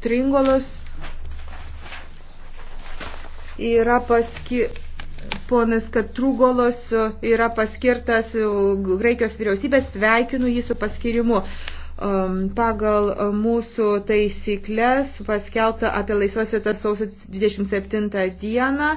Tringolas yra paski... Ponas Katrugolos yra paskirtas e, Graikijos vyriausybės, sveikinu jį su paskirimu. Pagal mūsų taisyklės paskelbta apie laisvas vietas sausio 27 dieną